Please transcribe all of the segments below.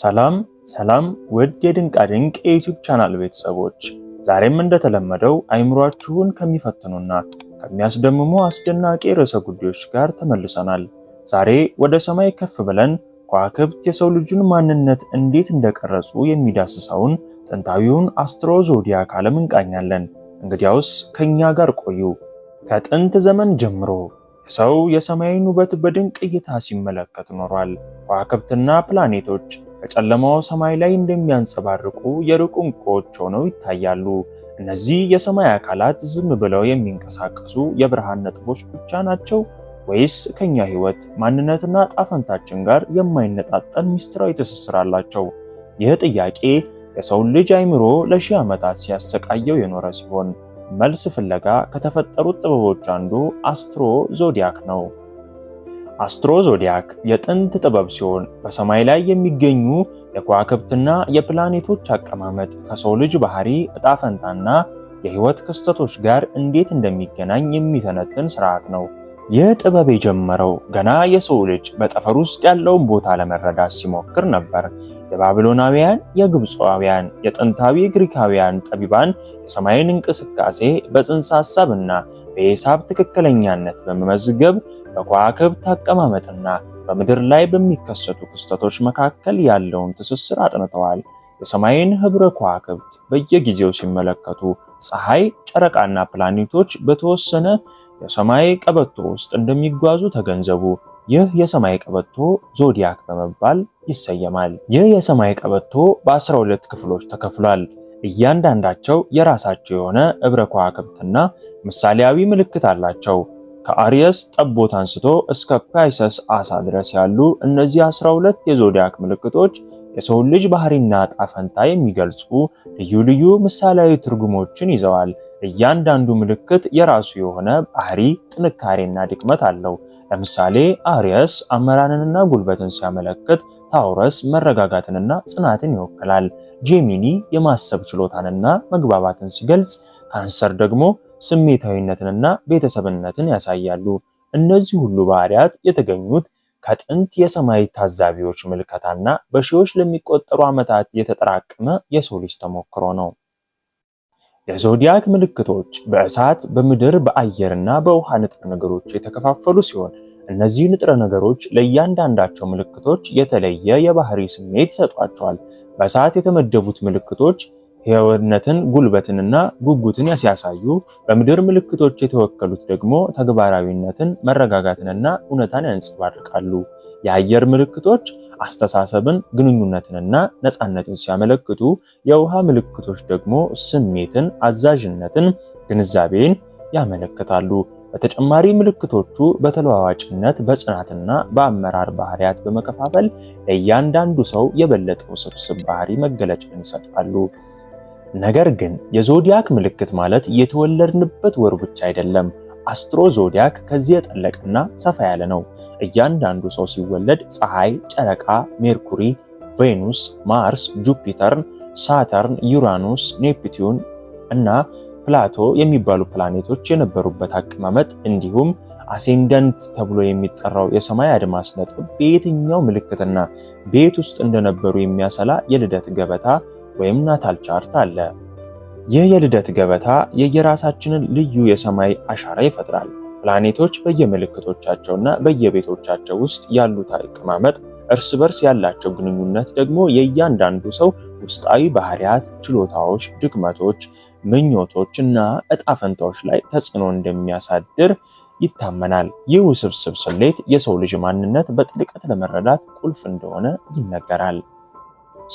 ሰላም ሰላም ውድ የድንቃ ድንቅ የዩቲዩብ ቻናል ቤተሰቦች፣ ዛሬም እንደተለመደው አይምሯችሁን ከሚፈትኑና ከሚያስደምሙ አስደናቂ ርዕሰ ጉዳዮች ጋር ተመልሰናል። ዛሬ ወደ ሰማይ ከፍ ብለን ከዋክብት የሰው ልጁን ማንነት እንዴት እንደቀረጹ የሚዳስሰውን ጥንታዊውን አስትሮ ዞዲያክ ዓለም እንቃኛለን። እንግዲያውስ ከእኛ ጋር ቆዩ። ከጥንት ዘመን ጀምሮ የሰው የሰማይን ውበት በድንቅ እይታ ሲመለከት ኖሯል። ከዋክብትና ፕላኔቶች በጨለማው ሰማይ ላይ እንደሚያንጸባርቁ የሩቅ ዕንቁዎች ሆነው ይታያሉ። እነዚህ የሰማይ አካላት ዝም ብለው የሚንቀሳቀሱ የብርሃን ነጥቦች ብቻ ናቸው ወይስ ከኛ ሕይወት ማንነትና ጣፈንታችን ጋር የማይነጣጠል ምስጢራዊ ትስስር አላቸው? ይህ ጥያቄ የሰውን ልጅ አይምሮ ለሺህ ዓመታት ሲያሰቃየው የኖረ ሲሆን መልስ ፍለጋ ከተፈጠሩት ጥበቦች አንዱ አስትሮ ዞዲያክ ነው። አስትሮ ዞዲያክ የጥንት ጥበብ ሲሆን በሰማይ ላይ የሚገኙ የከዋክብትና የፕላኔቶች አቀማመጥ ከሰው ልጅ ባህሪ፣ እጣ ፈንታና የህይወት ክስተቶች ጋር እንዴት እንደሚገናኝ የሚተነትን ስርዓት ነው። ይህ ጥበብ የጀመረው ገና የሰው ልጅ በጠፈር ውስጥ ያለውን ቦታ ለመረዳት ሲሞክር ነበር። የባቢሎናውያን፣ የግብፃውያን፣ የጥንታዊ ግሪካውያን ጠቢባን የሰማይን እንቅስቃሴ በጽንሰ ሀሳብና። በሂሳብ ትክክለኛነት በመመዝገብ በከዋክብት አቀማመጥና በምድር ላይ በሚከሰቱ ክስተቶች መካከል ያለውን ትስስር አጥንተዋል። የሰማይን ህብረ ከዋክብት በየጊዜው ሲመለከቱ ፀሐይ፣ ጨረቃና ፕላኔቶች በተወሰነ የሰማይ ቀበቶ ውስጥ እንደሚጓዙ ተገንዘቡ። ይህ የሰማይ ቀበቶ ዞዲያክ በመባል ይሰየማል። ይህ የሰማይ ቀበቶ በ12 ክፍሎች ተከፍሏል። እያንዳንዳቸው የራሳቸው የሆነ እብረ ከዋክብትና ምሳሌያዊ ምልክት አላቸው። ከአሪየስ ጠቦት አንስቶ እስከ ፓይሰስ አሳ ድረስ ያሉ እነዚህ 12 የዞዲያክ ምልክቶች የሰውን ልጅ ባህሪና ጣፈንታ የሚገልጹ ልዩ ልዩ ምሳሌያዊ ትርጉሞችን ይዘዋል። እያንዳንዱ ምልክት የራሱ የሆነ ባህሪ፣ ጥንካሬና ድክመት አለው። ለምሳሌ አሪየስ አመራንንና ጉልበትን ሲያመለክት፣ ታውረስ መረጋጋትንና ጽናትን ይወክላል። ጄሚኒ የማሰብ ችሎታንና መግባባትን ሲገልጽ፣ ካንሰር ደግሞ ስሜታዊነትንና ቤተሰብነትን ያሳያሉ። እነዚህ ሁሉ ባህሪያት የተገኙት ከጥንት የሰማይ ታዛቢዎች ምልከታና በሺዎች ለሚቆጠሩ ዓመታት የተጠራቀመ የሰው ልጅ ተሞክሮ ነው። የዞዲያክ ምልክቶች በእሳት፣ በምድር፣ በአየርና በውሃ ንጥረ ነገሮች የተከፋፈሉ ሲሆን እነዚህ ንጥረ ነገሮች ለእያንዳንዳቸው ምልክቶች የተለየ የባህሪ ስሜት ይሰጧቸዋል። በሰዓት የተመደቡት ምልክቶች ሕያውነትን፣ ጉልበትንና ጉጉትን ሲያሳዩ፣ በምድር ምልክቶች የተወከሉት ደግሞ ተግባራዊነትን፣ መረጋጋትንና እውነታን ያንጸባርቃሉ። የአየር ምልክቶች አስተሳሰብን፣ ግንኙነትንና ነፃነትን ሲያመለክቱ፣ የውሃ ምልክቶች ደግሞ ስሜትን፣ አዛዥነትን፣ ግንዛቤን ያመለክታሉ። በተጨማሪ ምልክቶቹ በተለዋዋጭነት በጽናትና በአመራር ባህሪያት በመከፋፈል ለእያንዳንዱ ሰው የበለጠ ውስብስብ ባህሪ መገለጫን ይሰጣሉ። ነገር ግን የዞዲያክ ምልክት ማለት የተወለድንበት ወር ብቻ አይደለም። አስትሮ ዞዲያክ ከዚህ የጠለቀና ሰፋ ያለ ነው። እያንዳንዱ ሰው ሲወለድ ፀሐይ፣ ጨረቃ፣ ሜርኩሪ፣ ቬኑስ፣ ማርስ፣ ጁፒተርን፣ ሳተርን፣ ዩራኑስ፣ ኔፕቲዩን እና ፕላቶ የሚባሉ ፕላኔቶች የነበሩበት አቀማመጥ እንዲሁም አሴንደንት ተብሎ የሚጠራው የሰማይ አድማስ ነጥብ በየትኛው ምልክትና ቤት ውስጥ እንደነበሩ የሚያሰላ የልደት ገበታ ወይም ናታል ቻርት አለ። ይህ የልደት ገበታ የየራሳችንን ልዩ የሰማይ አሻራ ይፈጥራል። ፕላኔቶች በየምልክቶቻቸውና በየቤቶቻቸው ውስጥ ያሉት አቀማመጥ፣ እርስ በርስ ያላቸው ግንኙነት ደግሞ የእያንዳንዱ ሰው ውስጣዊ ባህሪያት፣ ችሎታዎች፣ ድክመቶች ምኞቶች እና እጣ ፈንታዎች ላይ ተጽዕኖ እንደሚያሳድር ይታመናል። ይህ ውስብስብ ስሌት የሰው ልጅ ማንነት በጥልቀት ለመረዳት ቁልፍ እንደሆነ ይነገራል።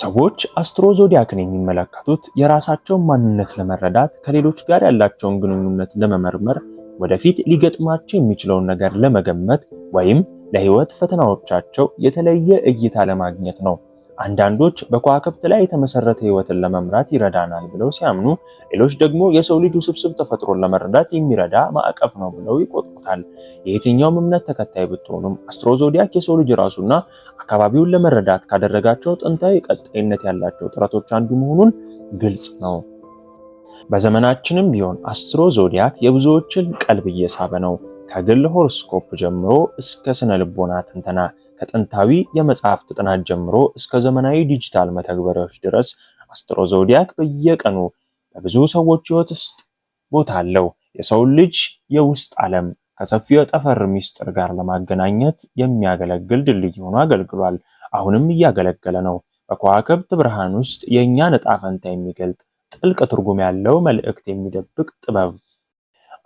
ሰዎች አስትሮዞዲያክን የሚመለከቱት የራሳቸውን ማንነት ለመረዳት ከሌሎች ጋር ያላቸውን ግንኙነት ለመመርመር ወደፊት ሊገጥማቸው የሚችለውን ነገር ለመገመት ወይም ለህይወት ፈተናዎቻቸው የተለየ እይታ ለማግኘት ነው። አንዳንዶች በከዋክብት ላይ የተመሰረተ ህይወትን ለመምራት ይረዳናል ብለው ሲያምኑ፣ ሌሎች ደግሞ የሰው ልጅ ውስብስብ ተፈጥሮን ለመረዳት የሚረዳ ማዕቀፍ ነው ብለው ይቆጥሩታል። የየትኛውም እምነት ተከታይ ብትሆኑም አስትሮዞዲያክ የሰው ልጅ ራሱና አካባቢውን ለመረዳት ካደረጋቸው ጥንታዊ ቀጣይነት ያላቸው ጥረቶች አንዱ መሆኑን ግልጽ ነው። በዘመናችንም ቢሆን አስትሮ ዞዲያክ የብዙዎችን ቀልብ እየሳበ ነው። ከግል ሆሮስኮፕ ጀምሮ እስከ ስነ ልቦና ትንተና ከጥንታዊ የመጽሐፍት ጥናት ጀምሮ እስከ ዘመናዊ ዲጂታል መተግበሪያዎች ድረስ አስትሮ ዞዲያክ በየቀኑ በብዙ ሰዎች ሕይወት ውስጥ ቦታ አለው። የሰውን ልጅ የውስጥ ዓለም ከሰፊው የጠፈር ሚስጥር ጋር ለማገናኘት የሚያገለግል ድልድይ ሆኖ አገልግሏል። አሁንም እያገለገለ ነው። በከዋክብት ብርሃን ውስጥ የእኛን ዕጣ ፈንታ የሚገልጥ ጥልቅ ትርጉም ያለው መልእክት የሚደብቅ ጥበብ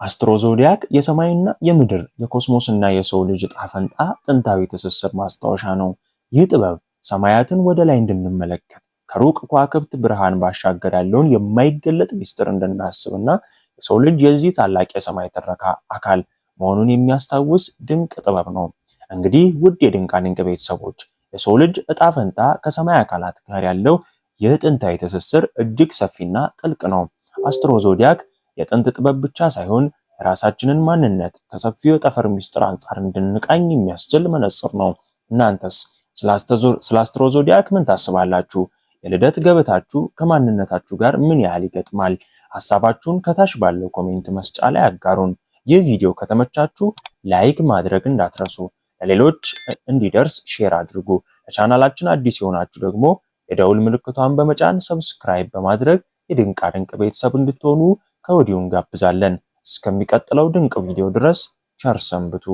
አስትሮ ዞዲያክ የሰማይና የምድር የኮስሞስና የሰው ልጅ ዕጣ ፈንታ ጥንታዊ ትስስር ማስታወሻ ነው። ይህ ጥበብ ሰማያትን ወደ ላይ እንድንመለከት ከሩቅ ከዋክብት ብርሃን ባሻገር ያለውን የማይገለጥ ሚስጥር እንድናስብና የሰው ልጅ የዚህ ታላቅ የሰማይ ትረካ አካል መሆኑን የሚያስታውስ ድንቅ ጥበብ ነው። እንግዲህ ውድ የድንቃ ቤተሰቦች የሰው ልጅ ዕጣ ፈንታ ከሰማይ አካላት ጋር ያለው ይህ ጥንታዊ ትስስር እጅግ ሰፊና ጥልቅ ነው። አስትሮ የጥንት ጥበብ ብቻ ሳይሆን የራሳችንን ማንነት ከሰፊው የጠፈር ሚስጥር አንጻር እንድንቃኝ የሚያስችል መነጽር ነው። እናንተስ ስለ ምን ታስባላችሁ? የልደት ገበታችሁ ከማንነታችሁ ጋር ምን ያህል ይገጥማል? ሀሳባችሁን ከታች ባለው ኮሜንት መስጫ ላይ አጋሩን። ይህ ቪዲዮ ከተመቻችሁ ላይክ ማድረግ እንዳትረሱ፣ ለሌሎች እንዲደርስ ሼር አድርጉ። ለቻናላችን አዲስ የሆናችሁ ደግሞ የደውል ምልክቷን በመጫን ሰብስክራይብ በማድረግ የድንቃድንቅ ቤተሰብ እንድትሆኑ ከወዲሁ እንጋብዛለን። እስከሚቀጥለው ድንቅ ቪዲዮ ድረስ ቸር ሰንብቱ።